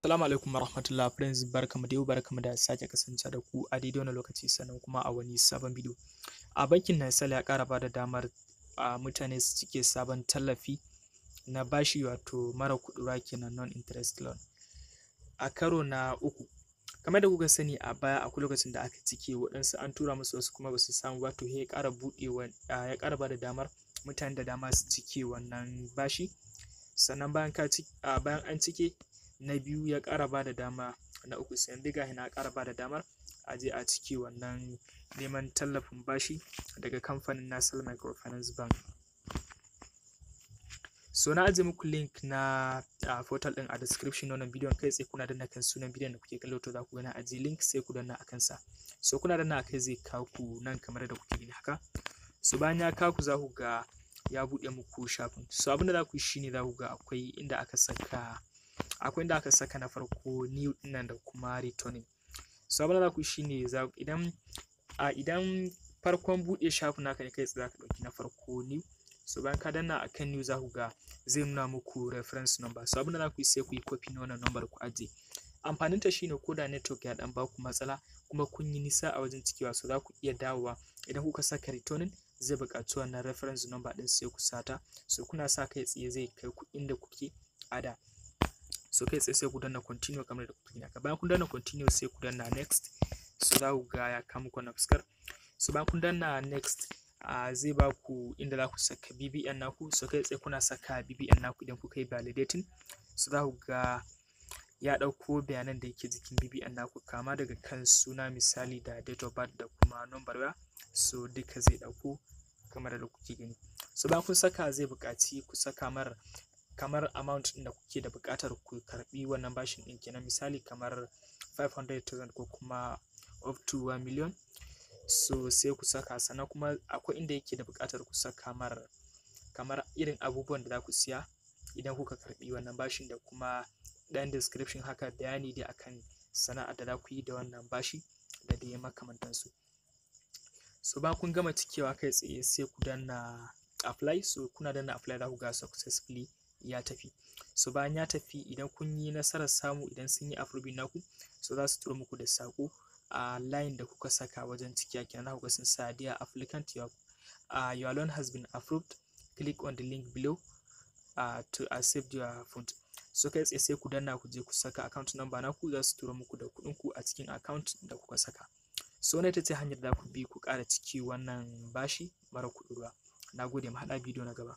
Assalamu alaikum warahmatullah friends barkamu da yau barkamu da sake kasance da ku a daidai wani lokaci sannan kuma a wani sabon bidiyo. A bankin nasal ya ƙara bada damar a mutane su cike sabon tallafi na bashi wato mara kudura kenan non interest loan. A karo na uku kamar da kuka sani a baya a lokacin da aka cike waɗansu an tura musu wasu kuma basu samu wato ya ƙara buɗewa ya ƙara bada damar mutane da dama su cike wannan bashi sannan bayan ka bayan an cike na biyu ya ƙara da dama na uku sai yanzu yana na ƙara da damar a je a ciki wannan neman tallafin bashi daga kamfanin Nasal Microfinance Bank so na ajiye muku link na uh, portal din a description na wannan bidiyon kai tsaye kuna danna kan sunan bidiyon da kuke kallo to za ku gana ajiye link sai ku danna akan sa so kuna danna akai zai kawo ku nan kamar da kuke gani haka so bayan ya kawo ku za ku ga ya buɗe muku shafin so abinda za ku yi shine za ku ga akwai inda aka saka akwai inda aka saka na farko new dinnan da kuma returning so abin da za ku shine idan a idan farkon buɗe shafin naka ne kai tsaye ka ɗauki na farko new so bayan ka danna akan new zaku ga zai nuna muku reference number so abin da za ku yi sai ku yi copy na wannan number ku ajiye amfaninta shine ko da network ya dan baku matsala kuma kun yi nisa a wajen cikewa so za ku iya dawowa idan kuka saka returning zai buƙaci wannan reference number din sai ku sata so kuna sa kai tsaye zai kai ku inda kuke ada. so kai tsaye sai ku danna continue kamar da kuke gani aka bayan kun danna continue sai ku danna next so za ku ga ya kama ku na fuskar so bayan kun danna next uh, zai ba ku inda za ku saka BBN naku so kai tsaye kuna saka BBN naku idan kuka yi validating so za ku ga ya ɗauko bayanan da yake jikin BBN naku kama daga kan suna misali da date of birth da kuma number waya so duka zai ɗauko kamar da kuke gani so bayan kun saka zai buƙaci ku saka mar kamar amount ɗin da kuke da bukatar ku karbi wannan bashin ɗin kenan misali kamar 500,000 ko kuma up to 1 million so sai ku saka sannan kuma akwai inda yake da bukatar ku saka kamar kamar irin abubuwan da za ku siya idan kuka karɓi wannan bashin da kuma ɗan description haka bayani dai akan sana'a da za ku yi da wannan bashi da dai makamantansu so ba kun gama cikewa kai tsaye sai ku danna apply so kuna danna apply za ku ga successfully ya tafi so bayan ya tafi idan kun yi nasarar samu idan sun yi approving naku so za su turo muku da sako a line da kuka saka wajen ciki kenan za ga sun sa dear applicant your, uh, your loan has been approved click on the link below uh, to uh, accept your fund so kai tsaye sai ku danna ku je ku saka account number naku za su turo muku da kuɗin ku a cikin account da kuka saka so ne ita ce hanyar da ku bi ku ƙara ciki wannan bashi mara kuɗi ruwa na gode mu haɗa bidiyo na gaba